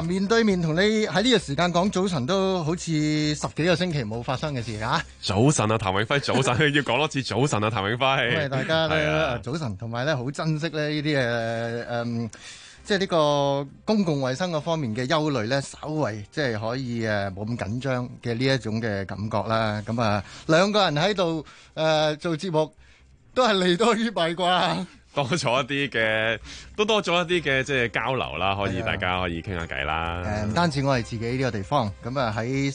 面對面同你喺呢個時間講早晨，都好似十幾個星期冇發生嘅事吓、啊。早晨啊，譚永輝，早晨 要講多次早晨啊，譚永輝。大家、啊、早晨同埋咧，好珍惜咧呢啲誒，嗯，即係呢個公共衛生嗰方面嘅憂慮咧，稍微即係可以誒冇咁緊張嘅呢一種嘅感覺啦。咁啊，兩個人喺度誒做節目，都係利多於弊啩，多咗一啲嘅。.多咗一啲嘅即係交流啦，可以大家可以傾下偈啦。唔、uh, 單止我哋自己呢個地方，咁啊喺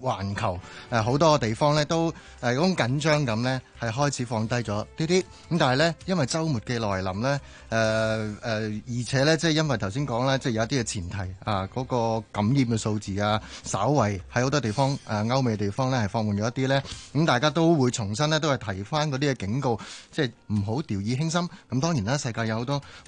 環球好、呃、多個地方咧都誒嗰種緊張感咧係開始放低咗啲啲。咁但係咧因為周末嘅來臨咧、呃呃，而且咧即係因為頭先講啦，即、就、係、是、有一啲嘅前提啊，嗰、那個感染嘅數字啊，稍微喺好多地方歐、呃、美嘅地方咧係放緩咗一啲咧。咁、嗯、大家都會重新咧都係提翻嗰啲嘅警告，即係唔好掉以輕心。咁當然啦，世界有好多。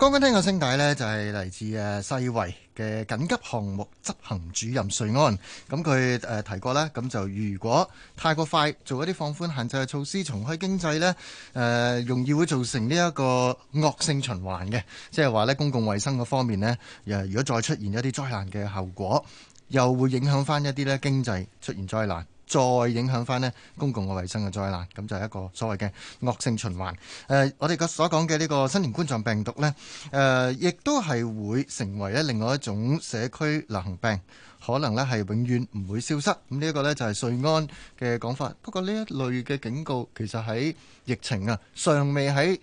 剛剛聽個聲帶呢，就係嚟自誒世衛嘅緊急項目執行主任瑞安，咁佢誒提過呢，咁就如果太過快做一啲放寬限制嘅措施，重開經濟呢，誒容易會造成呢一個惡性循環嘅，即係話呢，公共衛生嗰方面呢，如果再出現一啲災難嘅後果，又會影響翻一啲呢經濟出現災難。再影響翻呢公共嘅衞生嘅災難，咁就係一個所謂嘅惡性循環。誒、呃，我哋嘅所講嘅呢個新型冠狀病毒呢，誒、呃，亦都係會成為咧另外一種社區流行病，可能呢係永遠唔會消失。咁呢一個呢，就係瑞安嘅講法。不過呢一類嘅警告其實喺疫情啊尚未喺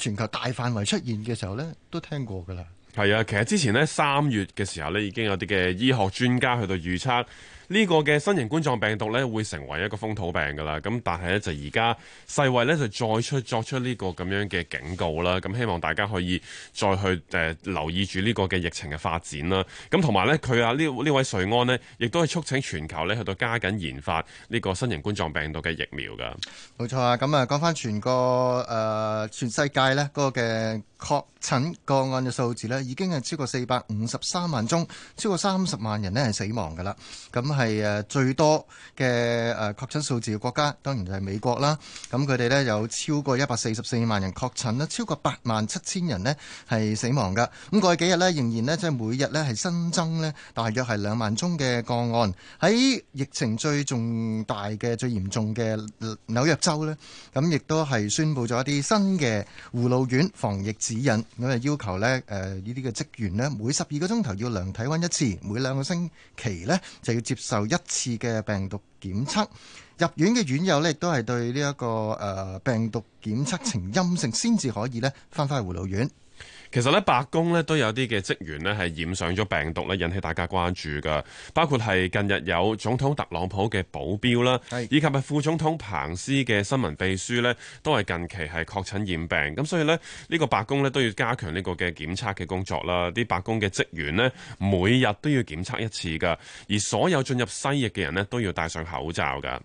全球大範圍出現嘅時候呢，都聽過㗎啦。係啊，其實之前呢，三月嘅時候呢，已經有啲嘅醫學專家去到預測。呢個嘅新型冠狀病毒呢，會成為一個風土病噶啦。咁但係呢，就而家世衛呢，就再出作出呢個咁樣嘅警告啦。咁希望大家可以再去誒留意住呢個嘅疫情嘅發展啦。咁同埋呢，佢啊呢呢位瑞安呢，亦都係促請全球呢，去到加緊研發呢個新型冠狀病毒嘅疫苗噶。冇錯啊！咁啊，講翻全個誒全世界呢，嗰個嘅確診個案嘅數字呢，已經係超過四百五十三萬宗，超過三十萬人呢，係死亡噶啦。咁係誒最多嘅誒確診數字嘅國家，當然就係美國啦。咁佢哋咧有超過一百四十四萬人確診啦，超過八萬七千人咧係死亡噶。咁過去幾日咧仍然咧即係每日咧係新增咧大約係兩萬宗嘅個案。喺疫情最重大嘅最嚴重嘅紐約州咧，咁亦都係宣布咗一啲新嘅護老院防疫指引，咁啊要求咧誒呢啲嘅職員咧每十二個鐘頭要量體溫一次，每兩個星期咧就要接。受一次嘅病毒檢測，入院嘅院友咧，這個，亦都係對呢一個誒病毒檢測呈陰性，先至可以咧返翻去護老院。其實咧，白宮咧都有啲嘅職員呢係染上咗病毒咧，引起大家關注噶。包括係近日有總統特朗普嘅保鏢啦，係以及係副總統彭斯嘅新聞秘書呢，都係近期係確診染病。咁所以呢，呢個白宮呢都要加強呢個嘅檢測嘅工作啦。啲白宮嘅職員呢，每日都要檢測一次噶，而所有進入西翼嘅人呢，都要戴上口罩噶。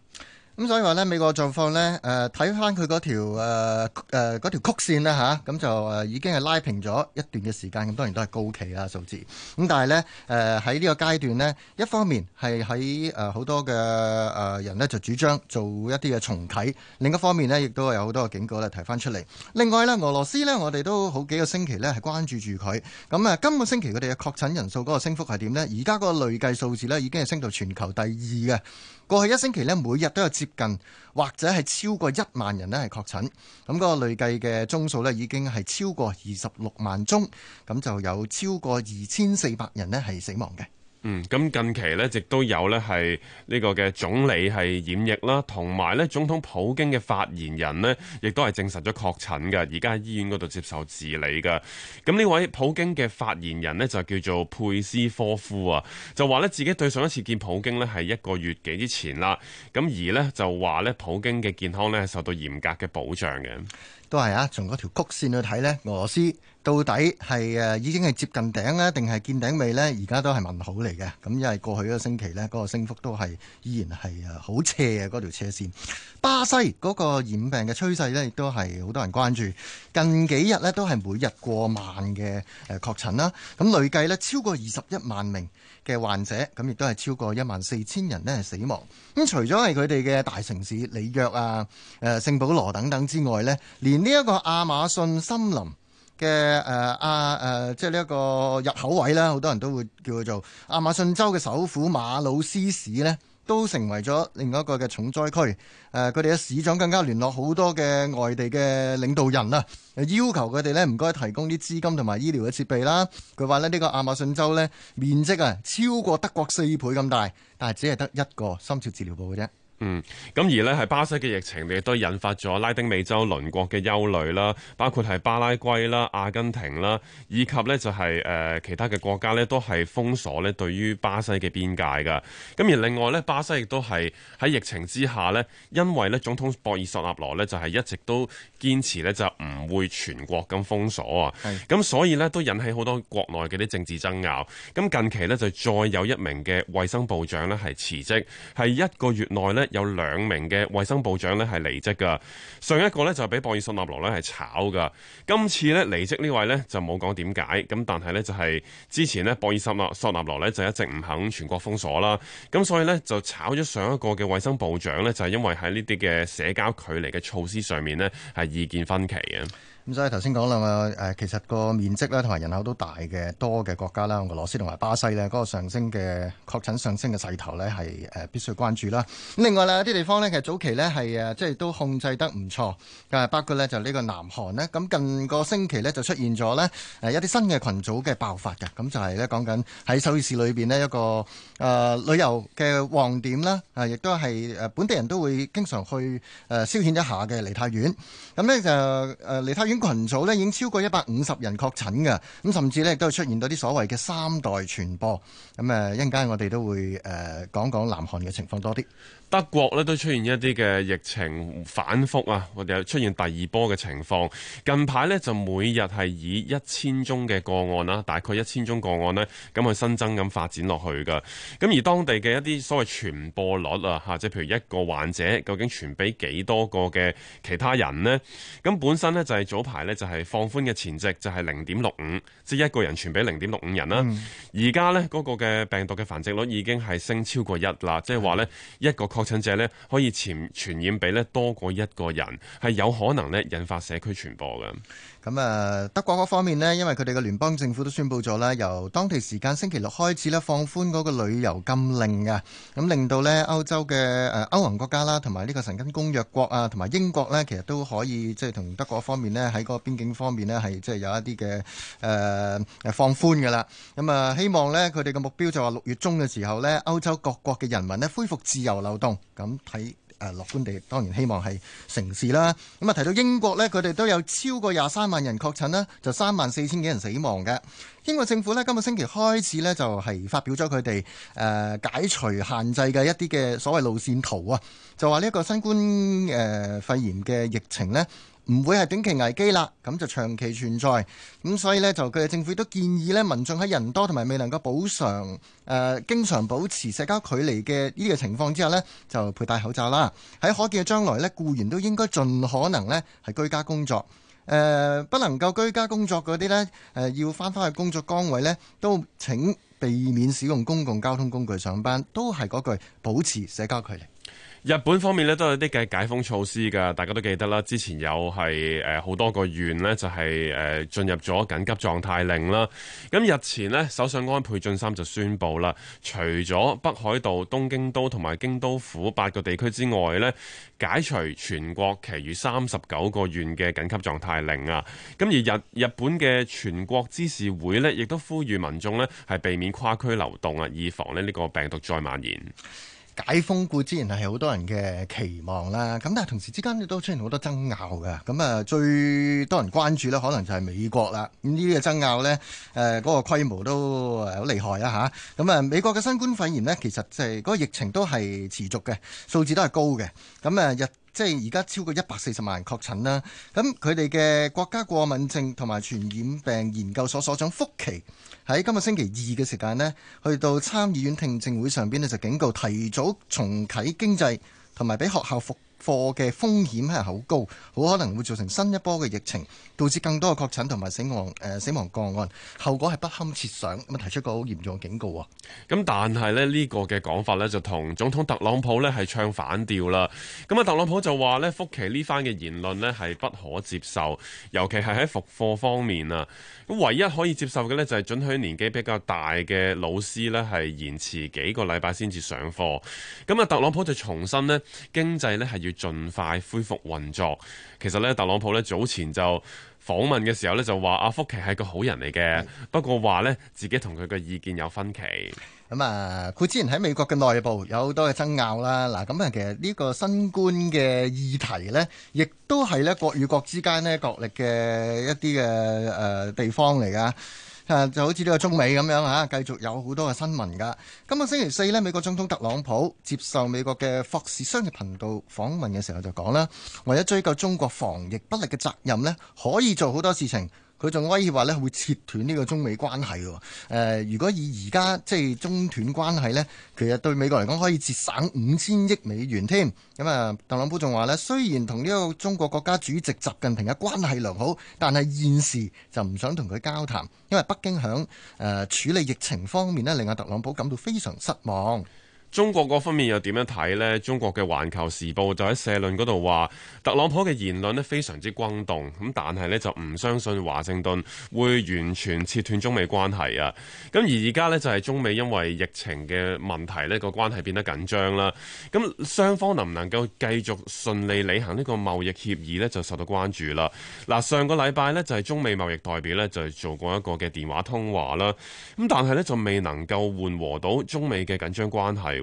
咁、嗯、所以話咧，美國嘅狀況咧，誒睇翻佢嗰條誒誒嗰條曲線呢吓，咁、啊嗯、就誒已經係拉平咗一段嘅時間。咁當然都係高企啦數字。咁但係咧，誒喺呢個階段咧，一方面係喺誒好多嘅誒人咧就主張做一啲嘅重啟，另一方面咧亦都有好多嘅警告咧提翻出嚟。另外咧，俄羅斯咧，我哋都好幾個星期咧係關注住佢。咁、嗯、啊，今個星期佢哋嘅確診人數嗰個升幅係點咧？而家個累計數字咧已經係升到全球第二嘅。過去一星期咧，每日都有。接近或者係超過一萬人咧係確診，咁、嗰個累計嘅宗數咧已經係超過二十六萬宗，咁就有超過二千四百人咧係死亡嘅。嗯，咁近期呢，亦都有呢係呢個嘅總理係染疫啦，同埋呢總統普京嘅發言人呢，亦都係證實咗確診嘅，而家喺醫院嗰度接受治理㗎。咁呢位普京嘅發言人呢，就叫做佩斯科夫啊，就話呢自己對上一次見普京呢係一個月幾之前啦。咁而呢，就話呢普京嘅健康呢係受到嚴格嘅保障嘅。都係啊，從嗰條曲線去睇呢，俄羅斯。到底係誒已經係接近頂啊定係見頂未呢？而家都係問號嚟嘅。咁因為過去一個星期呢，嗰個升幅都係依然係誒好斜嘅嗰條斜線。巴西嗰個染病嘅趨勢呢，亦都係好多人關注。近幾日呢，都係每日過萬嘅誒確診啦。咁累計呢，超過二十一萬名嘅患者，咁亦都係超過一萬四千人呢係死亡。咁除咗係佢哋嘅大城市里約啊、誒聖保羅等等之外呢，連呢一個亞馬遜森林。嘅誒阿誒，即係呢一個入口位啦，好多人都會叫佢做亞馬遜州嘅首府馬魯斯市呢，都成為咗另一個嘅重災區。誒、呃，佢哋嘅市長更加聯絡好多嘅外地嘅領導人啊，要求佢哋呢唔該提供啲資金同埋醫療嘅設備啦。佢話咧呢個亞馬遜州呢，面積啊超過德國四倍咁大，但係只係得一個深切治療部嘅啫。嗯，咁而呢，係巴西嘅疫情，亦都引發咗拉丁美洲鄰國嘅憂慮啦，包括係巴拉圭啦、阿根廷啦，以及呢就係、是、誒、呃、其他嘅國家呢，都係封鎖呢對於巴西嘅邊界噶。咁而另外呢，巴西亦都係喺疫情之下呢，因為呢總統博爾索納羅呢，就係、是、一直都堅持呢，就唔會全國咁封鎖啊。係。咁所以呢，都引起好多國內嘅啲政治爭拗。咁近期呢，就再有一名嘅衛生部長呢，係辭職，係一個月內呢。有兩名嘅衛生部長咧係離職㗎，上一個咧就係俾博爾索納羅咧係炒㗎，今次咧離職呢位咧就冇講點解，咁但係咧就係之前咧博爾索納索納羅咧就一直唔肯全國封鎖啦，咁所以咧就炒咗上一個嘅衛生部長咧就係因為喺呢啲嘅社交距離嘅措施上面咧係意見分歧嘅。咁所以頭先講啦，誒其實個面積咧同埋人口都大嘅多嘅國家啦，俄羅斯同埋巴西咧，嗰個上升嘅確診上升嘅勢頭咧係誒必須關注啦。咁另外咧有啲地方咧其實早期咧係誒即係都控制得唔錯，誒包括咧就呢個南韓咧。咁近個星期咧就出現咗咧誒一啲新嘅群組嘅爆發嘅。咁就係咧講緊喺首爾市裏邊咧一個誒旅遊嘅旺點啦，啊亦都係誒本地人都會經常去誒消遣一下嘅梨泰院。咁咧就誒梨泰院，群組呢已經超過一百五十人確診㗎，咁甚至呢亦都出現到啲所謂嘅三代傳播。咁啊，一陣間我哋都會誒講講南韓嘅情況多啲。德國呢都出現一啲嘅疫情反覆啊，我哋又出現第二波嘅情況。近排呢，就每日係以一千宗嘅個案啦，大概一千宗個案呢，咁去新增咁發展落去㗎。咁而當地嘅一啲所謂傳播率啊，嚇，即係譬如一個患者究竟傳俾幾多個嘅其他人呢？咁本身呢，就係早排呢就係、是、放寬嘅前值就係零點六五，即係一個人傳俾零點六五人啦。而家呢嗰個嘅病毒嘅繁殖率已經係升超過一啦，即係話呢一個確診者呢，可以潛傳染俾咧多過一個人，係有可能呢引發社區傳播嘅。咁、嗯、啊，德國嗰方面呢，因為佢哋嘅聯邦政府都宣布咗啦，由當地時間星期六開始呢放寬嗰個旅遊禁令啊，咁令到呢歐洲嘅誒歐盟國家啦，同埋呢個神根公約國啊，同埋英國呢，其實都可以即係同德國方面呢。喺個邊境方面呢，係即係有一啲嘅誒誒放寬嘅啦。咁啊，希望呢，佢哋嘅目標就話六月中嘅時候呢，歐洲各國嘅人民呢，恢復自由流動。咁睇誒樂觀地，當然希望係成事啦。咁啊，提到英國呢，佢哋都有超過廿三萬人確診啦，就三萬四千幾人死亡嘅。英國政府呢，今個星期開始呢，就係發表咗佢哋誒解除限制嘅一啲嘅所謂路線圖啊。就話呢個新冠誒、呃、肺炎嘅疫情呢，唔會係短期危機啦，咁就長期存在。咁所以呢，就佢哋政府都建議呢，民眾喺人多同埋未能夠補償誒、呃、經常保持社交距離嘅呢個情況之下呢，就佩戴口罩啦。喺可見嘅將來呢，僱員都應該盡可能呢係居家工作。誒、呃、不能夠居家工作嗰啲呢，呃、要翻返去工作崗位呢，都請避免使用公共交通工具上班，都係嗰句保持社交距離。日本方面呢，都有啲嘅解封措施噶，大家都記得啦。之前有係誒好多個縣呢就係誒進入咗緊急狀態令啦。咁日前呢，首相安倍晉三就宣布啦，除咗北海道、東京都同埋京都府八個地區之外呢，解除全國其餘三十九個縣嘅緊急狀態令啊。咁而日日本嘅全國知事會呢，亦都呼籲民眾呢係避免跨區流動啊，以防呢個病毒再蔓延。解封固之然係好多人嘅期望啦，咁但係同時之間亦都出現好多爭拗㗎，咁啊最多人關注呢可能就係美國啦，咁呢個爭拗呢，誒嗰個規模都誒好厲害啊吓，咁啊美國嘅新冠肺炎呢，其實就係嗰個疫情都係持續嘅，數字都係高嘅，咁啊日。即係而家超過一百四十萬人確診啦，咁佢哋嘅國家過敏症同埋傳染病研究所所長福奇喺今日星期二嘅時間呢，去到參議院聽證會上邊呢就警告提早重啟經濟同埋俾學校復。課嘅風險係好高，好可能會造成新一波嘅疫情，導致更多嘅確診同埋死亡誒、呃、死亡個案，後果係不堪設想咁啊！提出個好嚴重嘅警告啊！咁但係咧呢、呢個嘅講法呢，就同總統特朗普呢係唱反調啦！咁啊，特朗普就話呢，福奇呢番嘅言論呢係不可接受，尤其係喺復課方面啊！咁唯一可以接受嘅呢，就係、是、准許年紀比較大嘅老師呢係延遲幾個禮拜先至上課。咁啊，特朗普就重新呢經濟呢係要。盡快恢復運作。其實咧，特朗普咧早前就訪問嘅時候咧，就話阿福奇係個好人嚟嘅，不過話咧自己同佢嘅意見有分歧。咁、嗯、啊，佢之前喺美國嘅內部有好多嘅爭拗啦。嗱，咁啊，其實呢個新冠嘅議題咧，亦都係咧國與國之間咧角力嘅一啲嘅誒地方嚟噶。啊，就好似呢個中美咁樣嚇，繼續有好多嘅新聞噶。今日星期四呢，美國總統特朗普接受美國嘅霍士商業頻道訪問嘅時候就講啦，為咗追究中國防疫不力嘅責任呢，可以做好多事情。佢仲威脅話呢會切斷呢個中美關係喎。呃，如果以而家即係中斷關係呢，其實對美國嚟講可以節省五千億美元添。咁啊，特朗普仲話呢，雖然同呢個中國國家主席習近平嘅關係良好，但係現時就唔想同佢交談，因為北京響，呃，處理疫情方面呢，令阿特朗普感到非常失望。中國嗰方面又點樣睇呢？中國嘅《環球時報》就喺社論嗰度話，特朗普嘅言論呢，非常之轟動，咁但係呢就唔相信華盛頓會完全切斷中美關係啊。咁而而家呢就係中美因為疫情嘅問題，呢個關係變得緊張啦。咁雙方能唔能夠繼續順利履行呢個貿易協議呢？就受到關注啦。嗱，上個禮拜呢，就係中美貿易代表呢，就做過一個嘅電話通話啦。咁但係呢，就未能夠緩和到中美嘅緊張關係。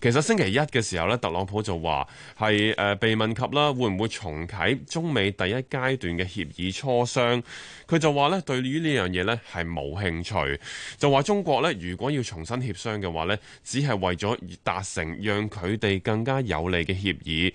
其實星期一嘅時候咧，特朗普就話係誒被問及啦，會唔會重啟中美第一階段嘅協議磋商？佢就話咧，對於呢樣嘢咧係冇興趣，就話中國咧如果要重新協商嘅話咧，只係為咗達成讓佢哋更加有利嘅協議，批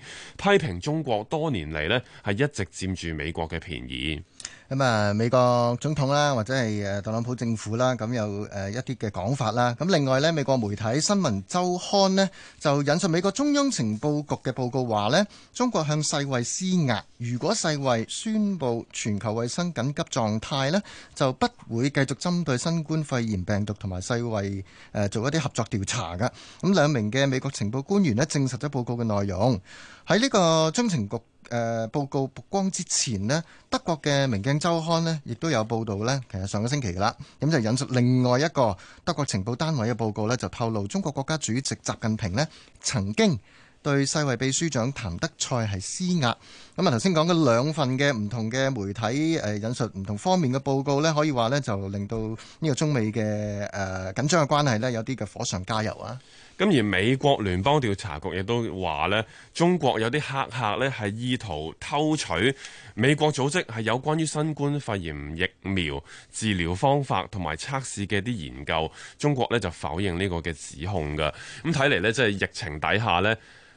評中國多年嚟咧係一直佔住美國嘅便宜。咁啊，美國總統啦，或者係誒特朗普政府啦，咁有誒一啲嘅講法啦。咁另外呢，美國媒體新聞週刊呢就引述美國中央情報局嘅報告話呢，中國向世衛施壓，如果世衛宣布全球衛生緊急狀態呢，就不會繼續針對新冠肺炎病毒同埋世衛誒做一啲合作調查嘅。咁兩名嘅美國情報官員呢證實咗報告嘅內容，喺呢個中情局。誒、呃、報告曝光之前呢，德國嘅《明鏡周刊》呢亦都有報道呢，其實上個星期啦，咁就引述另外一個德國情報單位嘅報告呢，就透露中國國家主席習近平呢曾經對世衛秘書長譚德塞係施壓。咁啊，頭先講嘅兩份嘅唔同嘅媒體、呃、引述唔同方面嘅報告呢，可以話呢就令到呢個中美嘅誒、呃、緊張嘅關係呢有啲嘅火上加油啊！咁而美國聯邦調查局亦都話呢，中國有啲黑客呢係意圖偷取美國組織係有關於新冠肺炎疫苗治療方法同埋測試嘅啲研究，中國呢就否認呢個嘅指控㗎。咁睇嚟呢，即係疫情底下呢。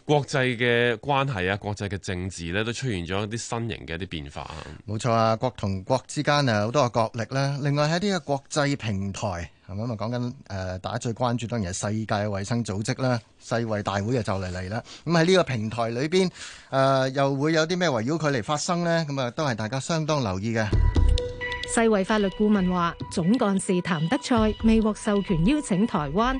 國際嘅關係啊，國際嘅政治咧，都出現咗一啲新型嘅一啲變化。冇錯啊，國同國之間啊，好多個角力啦。另外喺呢個國際平台，咁啊講緊誒，大家最關注當然係世界衞生組織啦，世衛大會啊就嚟嚟啦。咁喺呢個平台裏邊，誒、呃、又會有啲咩圍繞佢嚟發生呢？咁、嗯、啊，都係大家相當留意嘅。世衞法律顧問話，總幹事譚德塞未獲授權邀請台灣。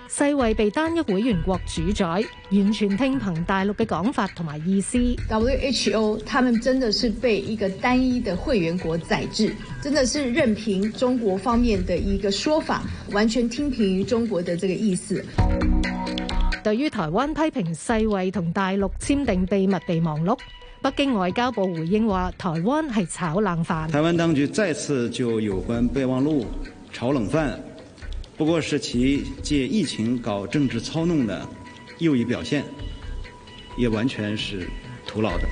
世衛被單一會員國主宰，完全聽憑大陸嘅講法同埋意思。WHO，他們真的是被一個單一的會員國宰制，真的是任憑中國方面的一個說法，完全聽憑於中國的這個意思。對於台灣批評世衛同大陸簽訂秘密備忘錄，北京外交部回應話：台灣係炒冷飯。台灣當局再次就有關備忘錄炒冷飯。不過，是其借疫情搞政治操弄的又一表現，也完全是徒勞的。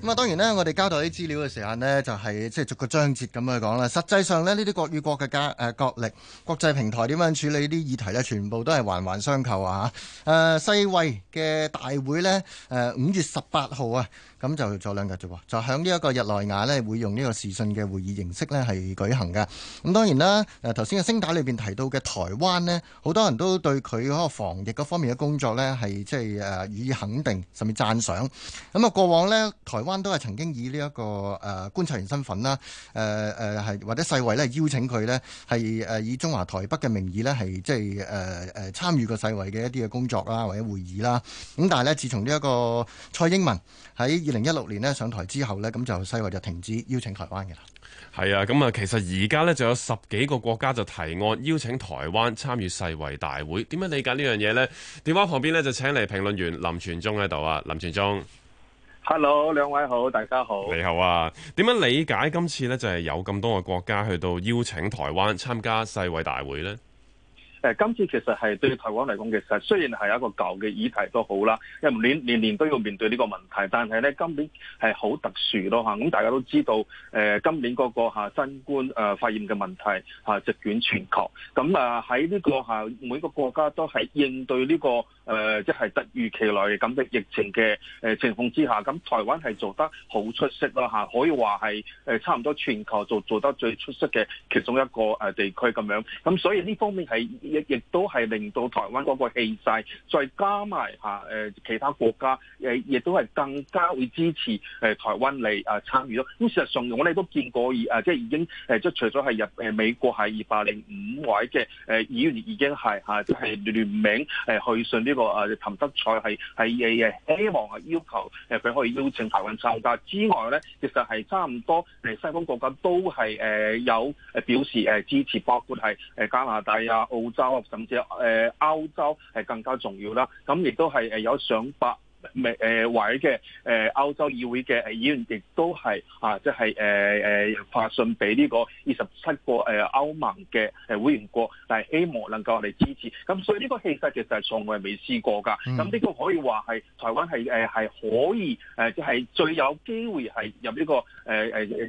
咁啊，當然呢，我哋交代啲資料嘅時間呢，就係即係逐個章節咁去講啦。實際上呢，呢啲國與國嘅家誒角力、國際平台點樣處理啲議題呢，全部都係環環相扣啊！誒、呃，世衛嘅大會呢，誒、呃，五月十八號啊。咁就再兩日啫喎，就喺呢一個日內瓦呢，會用呢個視訊嘅會議形式呢，係舉行嘅。咁當然啦，誒頭先嘅聲帶裏面提到嘅台灣呢，好多人都對佢嗰個防疫嗰方面嘅工作呢，係即係予以肯定甚至讚賞。咁啊，過往呢，台灣都係曾經以呢一個誒觀察員身份啦，誒、呃、或者世衛咧邀請佢呢，係以中華台北嘅名義呢，係即係誒誒參與過世衛嘅一啲嘅工作啦，或者會議啦。咁但係呢，自從呢一個蔡英文喺二零一六年咧上台之後咧，咁就世衛就停止邀請台灣嘅啦。係啊，咁啊，其實而家咧就有十幾個國家就提案邀請台灣參與世衛大會。點樣理解呢樣嘢呢？電話旁邊咧就請嚟評論員林泉忠喺度啊，林泉忠。Hello，兩位好，大家好。你好啊。點樣理解今次咧就係有咁多個國家去到邀請台灣參加世衛大會呢？今次其實係對台灣嚟講，其實雖然係一個舊嘅議題都好啦，因為年年年都要面對呢個問題，但係咧今年係好特殊咯嚇。咁、啊、大家都知道，誒、呃、今年嗰、那個、啊、新冠誒、啊、發現嘅問題嚇席捲全球，咁啊喺呢、這個嚇、啊、每個國家都係應對呢、這個誒即係突如其來咁嘅疫情嘅誒情況之下，咁、啊、台灣係做得好出色啦嚇、啊，可以話係誒差唔多全球做做得最出色嘅其中一個誒、啊、地區咁樣。咁、啊、所以呢方面係。亦都係令到台灣嗰個氣勢，再加埋嚇誒其他國家，誒亦都係更加會支持誒台灣嚟啊參與咯。咁事實上我哋都見過，而啊即係已經誒即係除咗係入誒美國係二百零五位嘅誒議員已經係嚇即係聯名誒去信呢個啊譚德塞，係係誒誒希望啊要求誒佢可以邀請台灣參加之外咧，其實係差唔多誒西方國家都係誒有誒表示誒支持，包括係誒加拿大啊澳洲。亞甚至誒歐洲係更加重要啦。咁亦都係誒有上百。未嘅歐洲議會嘅議員，亦都係啊，即、呃、係發信俾呢個二十七個歐盟嘅會員國，但係希望能夠我哋支持。咁所以呢個氣勢其實其實係從來未試過噶。咁呢個可以話係台灣係可以即係、就是、最有機會係入呢、這個誒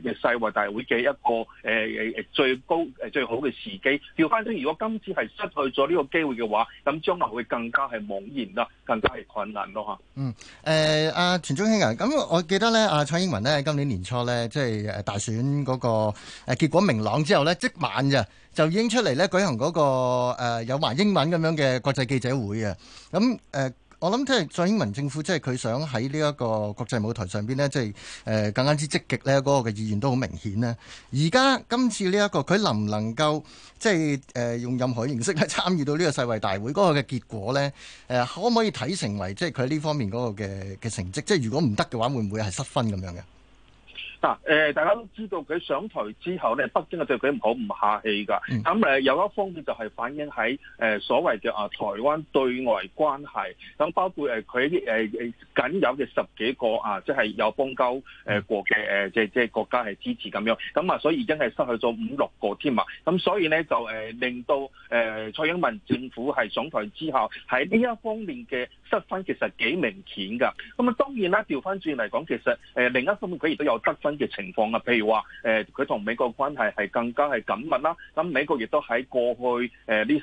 世衛大會嘅一個最高最好嘅時機。調翻轉，如果今次係失去咗呢個機會嘅話，咁將來會更加係茫然啦，更加係困難咯嚇。誒、呃、阿、啊、田中興啊，咁我記得咧，阿、啊、蔡英文呢，今年年初咧，即係誒大選嗰個誒結果明朗之後呢，即晚嘅、啊、就已經出嚟咧舉行嗰、那個、啊、有話英文咁樣嘅國際記者會啊，咁誒。呃我諗即係蔡英文政府，即係佢想喺呢一個國際舞台上邊呢，即係誒、呃、更加之積極呢嗰個嘅意願都好明顯呢。而家今次呢、這、一個，佢能唔能夠即係誒、呃、用任何形式去參與到呢個世衛大會嗰個嘅結果呢？誒、呃，可唔可以睇成為即係佢呢方面嗰個嘅嘅成績？即係如果唔得嘅話，會唔會係失分咁樣嘅？嗱、啊呃，大家都知道佢上台之後咧，北京係對佢唔好唔客氣㗎。咁、嗯嗯嗯、有一方面就係反映喺誒、呃、所謂嘅啊、呃、台灣對外關係，咁、嗯、包括誒佢誒僅有嘅十幾個啊，即、就、係、是、有邦交誒國嘅誒即即係國家係支持咁樣。咁、嗯、啊，所以已經係失去咗五六個添啊。咁、嗯、所以咧就、呃、令到誒、呃、蔡英文政府係上台之後喺呢一方面嘅。得分其實幾明顯㗎，咁啊當然啦，調翻轉嚟講，其實誒、呃、另一方面佢亦都有得分嘅情況啊，譬如話誒佢同美國關係係更加係緊密啦，咁美國亦都喺過去誒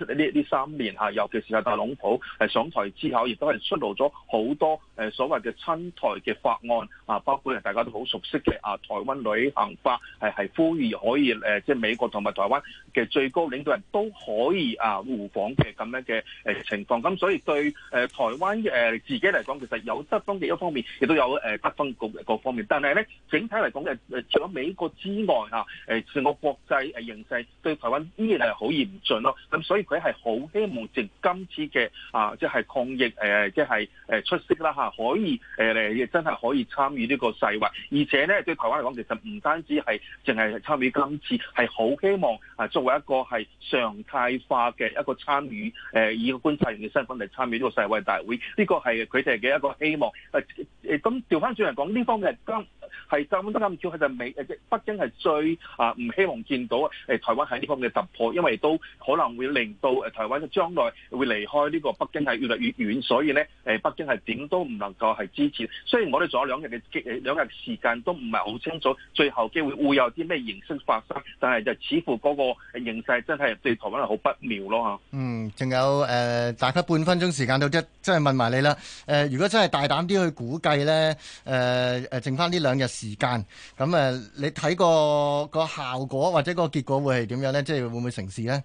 呢呢呢三年嚇、啊，尤其是係特朗普係上台之後，亦都係出爐咗好多誒、啊、所謂嘅親台嘅法案啊，包括大家都好熟悉嘅啊台灣旅行法，係係呼籲可以誒即係美國同埋台灣嘅最高領導人都可以啊互訪嘅咁樣嘅誒情況，咁所以對誒、啊、台灣。咁自己嚟講，其實有得分嘅一方面，亦都有誒得分各各方面。但係咧，整體嚟講嘅誒，除咗美國之外嚇，誒成個國際誒形勢對台灣依然係好嚴峻咯。咁所以佢係好希望藉今次嘅啊，即係抗疫誒，即係誒出色啦嚇，可以誒嚟真係可以參與呢個世衞，而且咧對台灣嚟講，其實唔單止係淨係參與今次，係好希望啊作為一個係常態化嘅一個參與誒，以觀察員嘅身份嚟參與呢個世衞大會。呢個係佢哋嘅一個希望。誒誒，咁調翻轉嚟講，呢方面剛。係咁啱，其實美誒北京係最啊唔希望見到誒台灣喺呢方面嘅突破，因為都可能會令到誒台灣嘅將來會離開呢個北京係越嚟越遠，所以咧誒北京係點都唔能夠係支持。雖然我哋仲有兩日嘅機兩日時間都唔係好清楚，最後機會會有啲咩形式發生，但係就似乎嗰個形勢真係對台灣係好不妙咯嚇。嗯，仲有誒，剩、呃、得半分鐘時間到，到即即係問埋你啦。誒、呃，如果真係大膽啲去估計咧，誒、呃、誒，剩翻呢兩日時間咁誒，你睇個個效果或者個結果會係點樣咧？即係會唔會成事咧？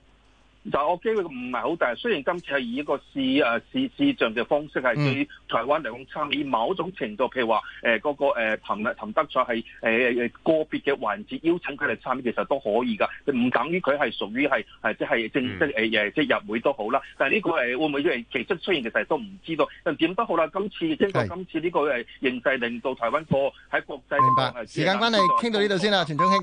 就我機會唔係好大，雖然今次係以一個視誒視視像嘅方式係對台灣嚟講參與某種程度，嗯、譬如話誒嗰個誒譚譚德塞係誒個個別嘅環節邀請佢嚟參與，其實都可以㗎，唔等於佢係屬於係、就是嗯、即係正即係入會都好啦。但呢個誒會唔會因為其實出現其實都唔知道。但點都好啦，今次經過今次呢個係形勢，令到台灣過喺國際嚟講係時間關係傾到呢度先啦，泉忠兄。